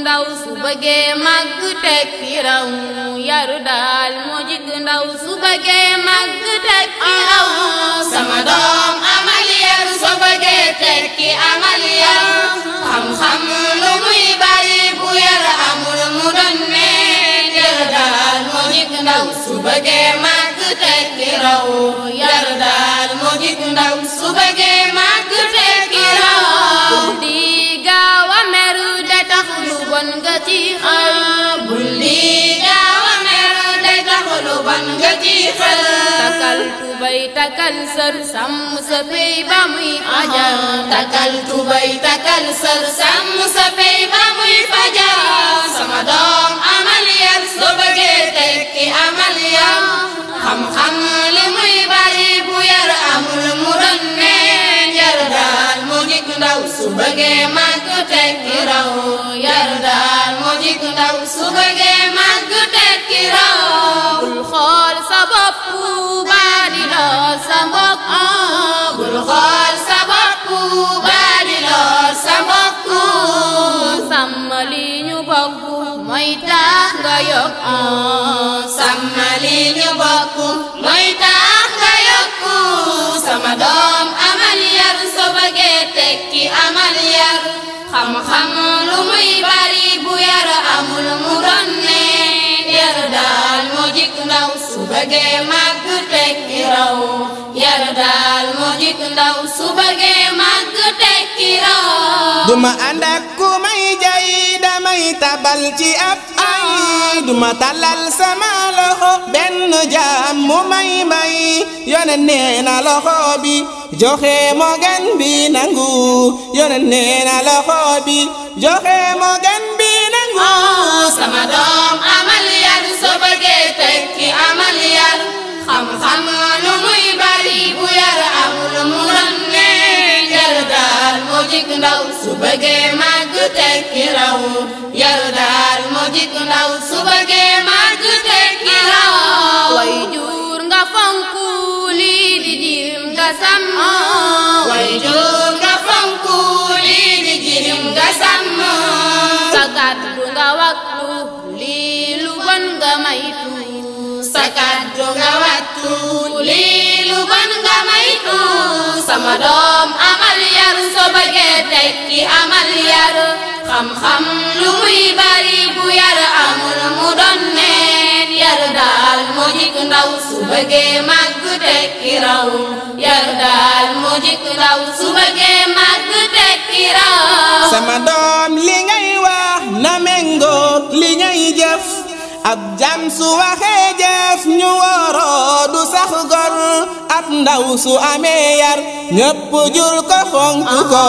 ndaw sama doom amal yar su bëggee teg ci amal lu muy bari bu yar amul mu doon meen daal moo jig ndaw su bëggee màgg raw yaru daal moo jig ndaw su bëggee màgg بيتك السرسم سبي بمي فجر تكلت بيتك السرسم سبي بمي فجر سمدام عمل يرسو بجيتك عمل يم خم خم لمي بريب ير أمر مرنين يردال مجيك دو سبجي مك تكرو يردال مجيك دو سبجي مك تكرو الخال سبب lool sa mbokk bul xool sa bopp tekki amal yar lu muy bari bu yar amul mu doon yar daal moo jik ndaw su bëggee màgg tekki duma ànd ak ku may jay damay tabal ci ab ay duma talal sama loxo benn jaam may may yonen nee na loxo bi joxe moo gën bi nangu yonen nee na loxo bi joxe moo ndaw su bëggee màgg tekki raw yaru daal moo jik ndaw su bëggee màgg tekki raw way jur nga fonk lii di jirim nga sàmm way jur nga fonk lii di jirim nga sàmm sa kàddu nga wattu lii nga maytu sa kàddu nga wattu sama doom am tekki amal yar xam-xam lu muy bari bu yar amul mu doon neen yar daal moo jik ndaw su bëggee màgg tekki raw yar daal moo jik ndaw su bëggee màgg tekki raw sama doom li ab jam su waxee jëf ñu du sax gor ab ndaw su amee yar jur ko fonk ko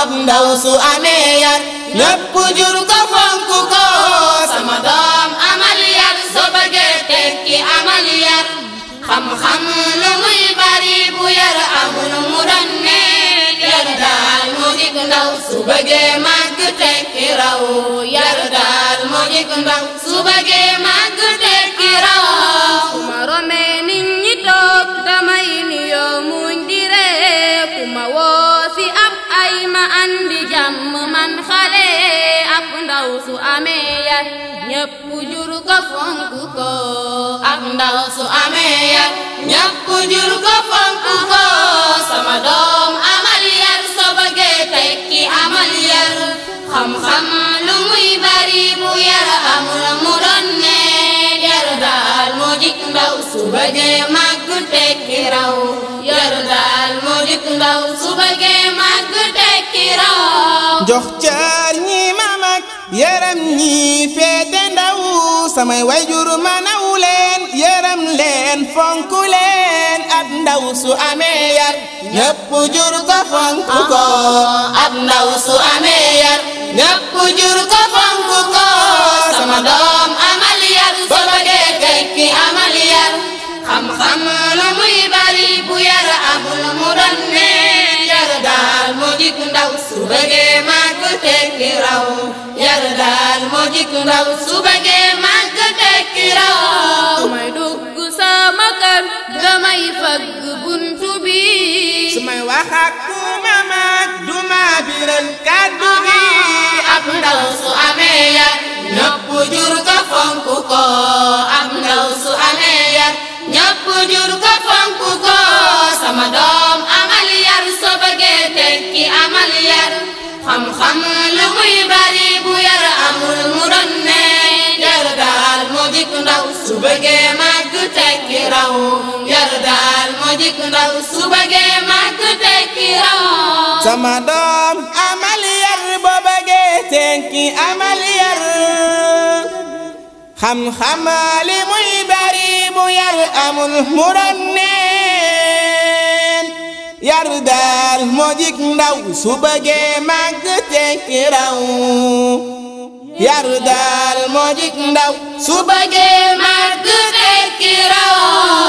ab ndaw su amee yar jur ko fonk ko sama doom amal yar tekki amal xam-xam lu muy bari bu yar amul mu doon ne mu dig ndaw su bëggee màgg raw yar dal moo jëkk ndaw su bëggee màgg tekki rawoo ma romee nit ñi toog damay nuyoo muñ di ree ku ma woo ab ay ma andi jàmm man xale ab ndaw su amee yar jur ko fonk ko ab ndaw su amee yar jur ko fonk su bëggee jox cër ñi ma mag ñi féete ndaw samay wayjur ma naw leen yaram leen fonk leen ab ndaw su amee yar ñépp jur ko fonk ko ab ndaw su amee bëggee màgg tekki raw yar daal moo jik ndaw su bëggee màgg tekki raw may gamai sama buntu bi su may wax ak ku ma màgg du ma biral kàddu bi ab su amee yar jur ko fonk ko ab su amee yar jur màgg tekki amal yar boo bëggee tekki amal yar xam-xamali muy bari bu yar amul mu doon yar daal moo jikk ndaw su bëggee màgg tekki raw primeira onda.